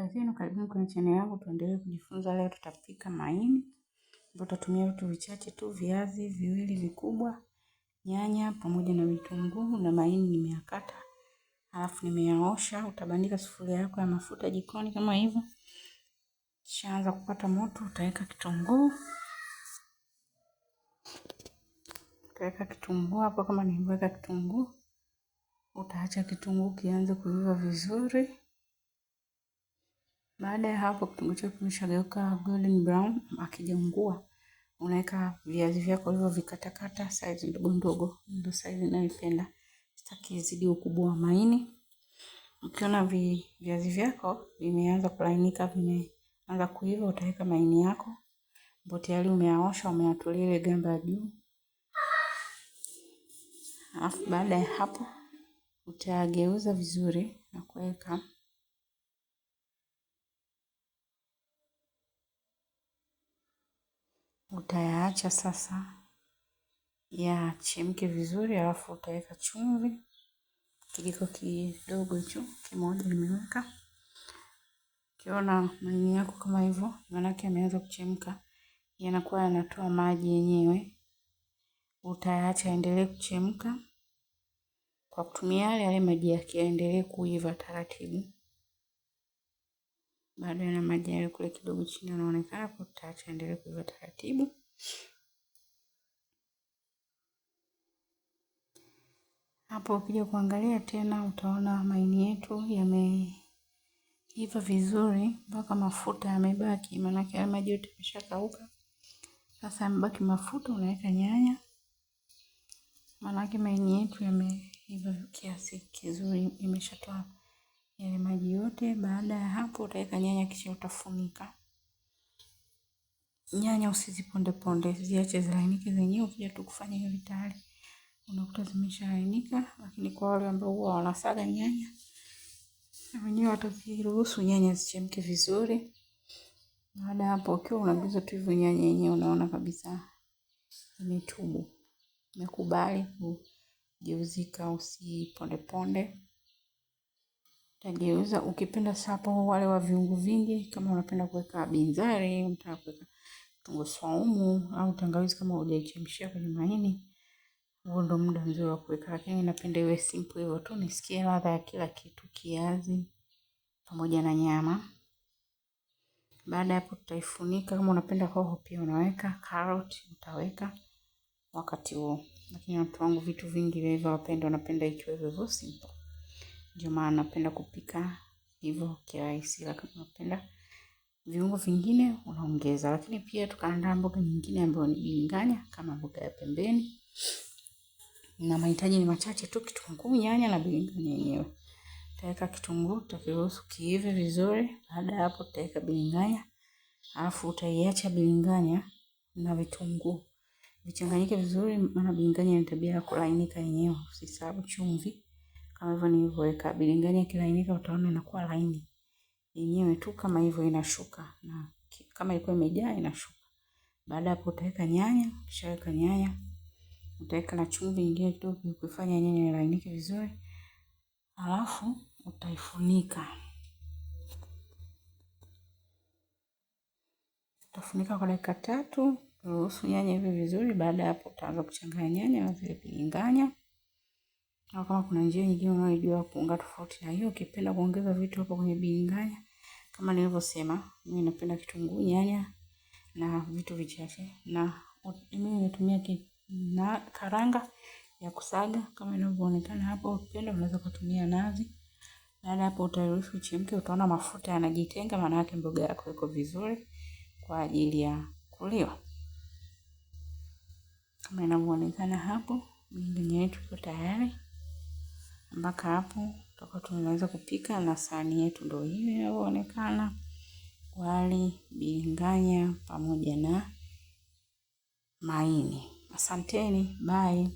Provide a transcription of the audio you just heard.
Lakini karibuni kwenye chaneli yangu, tuendelee kujifunza. Leo tutapika maini, ambapo tutatumia vitu vichache tu, viazi viwili vikubwa, nyanya pamoja na vitunguu, na maini nimeyakata alafu nimeyaosha. Utabandika sufuria yako ya mafuta jikoni kama hivyo, kishaanza kupata moto, utaweka kitunguu utaweka kitunguu hapo, kama nilivyoweka kitunguu, utaacha kitunguu kianze kuiva vizuri. Baada ya hapo kitunguu chako kimeshageuka golden brown, akijangua unaweka viazi vyako vikatakata size ndogo ndogo, ndio size ninayopenda, Sitaki izidi ukubwa wa maini. Ukiona vi, viazi vyako vimeanza kulainika, vimeanza kuiva, utaweka maini yako ambayo tayari umeaosha umeyatulia ile gamba ya juu. Alafu baada ya hapo utageuza vizuri na kuweka Utayaacha sasa yachemke vizuri, alafu utaweka chumvi kijiko kidogo hicho kimoja nimeweka. Ukiona maini yako kama hivyo, maanake yameanza kuchemka, yanakuwa yanatoa maji yenyewe. Utayaacha yaendelee kuchemka kwa kutumia yale yale maji yake, yaendelee kuiva taratibu. Bado yana maji yale kule kidogo chini yanaonekana, kwa tutaacha endelee kuiva taratibu. Hapo ukija kuangalia tena utaona maini yetu yameiva vizuri mpaka mafuta yamebaki, maanake yale maji yote yameshakauka. Sasa yamebaki mafuta, unaweka nyanya, maanake maini yetu yameiva kiasi kizuri, imeshatoa yale maji yote. Baada ya hapo, utaweka nyanya kisha utafunika. Nyanya usiziponde ponde, ziache zilainike zenyewe. Ukija tu kufanya hiyo vitali, unakuta zimeshalainika. Lakini kwa wale ambao huwa wanasaga nyanya, wenyewe wataziruhusu nyanya zichemke vizuri. Baada hapo, ukiwa unaguza tu hivyo nyanya yenyewe, unaona kabisa imetubu, imekubali kugeuzika. Usipondeponde utageuza. Ukipenda sapo wale wa viungo vingi, kama unapenda kuweka binzari, unataka kuweka tungo saumu au tangawizi kama hujaichemshia kwenye maini, huo ndo muda mzuri wa kuweka, lakini napenda iwe simple hivyo tu, nisikie ladha ya kila kitu, kiazi pamoja na nyama. Baada ya hapo, tutaifunika. Kama unapenda hoho pia unaweka, karoti utaweka wakati huo, lakini watu wangu vitu vingi vya wapenda, wanapenda ikiwa hivyo simple. Ndio maana napenda kupika hivyo kirahisi, lakini unapenda viungo vingine unaongeza, lakini pia tukaandaa mboga nyingine ambayo ni biringanya kama mboga ya pembeni, na mahitaji ni machache tu: kitunguu, nyanya na biringanya yenyewe. Tutaweka kitunguu, tutakiruhusu kiive vizuri. Baada ya hapo, tutaweka biringanya, alafu utaiacha biringanya na vitunguu vichanganyike vizuri, maana biringanya ina tabia ya kulainika yenyewe. Usisahau chumvi kama hivyo nilivyoweka, bilinganya ikilainika, utaona inakuwa laini yenyewe tu kama hivyo, inashuka na kama ilikuwa imejaa inashuka. Baada hapo utaweka nyanya, ukishaweka nyanya utaweka na chumvi nyingine kidogo kuifanya nyanya ilainike vizuri, alafu utaifunika utafunika kwa dakika tatu, ruhusu nyanya hivi vizuri. Baada ya hapo utaanza kuchanganya nyanya na zile bilinganya au kama kuna njia nyingine unayojua kuunga tofauti na hiyo, ukipenda kuongeza vitu hapo kwenye biringanya, kama nilivyosema, mimi napenda kitunguu, nyanya na vitu vichache, na mimi natumia na karanga ya kusaga kama inavyoonekana hapo. Ukipenda unaweza kutumia nazi. Baada hapo utairuhusu ichemke, utaona mafuta yanajitenga, maana yake mboga yako iko vizuri kwa ajili ya kuliwa kama inavyoonekana hapo. Biringanya yetu iko tayari. Mpaka hapo tutakuwa tunaweza kupika, na sahani yetu ndio hiyo inavyoonekana, wali biringanya pamoja na maini. Asanteni, bye.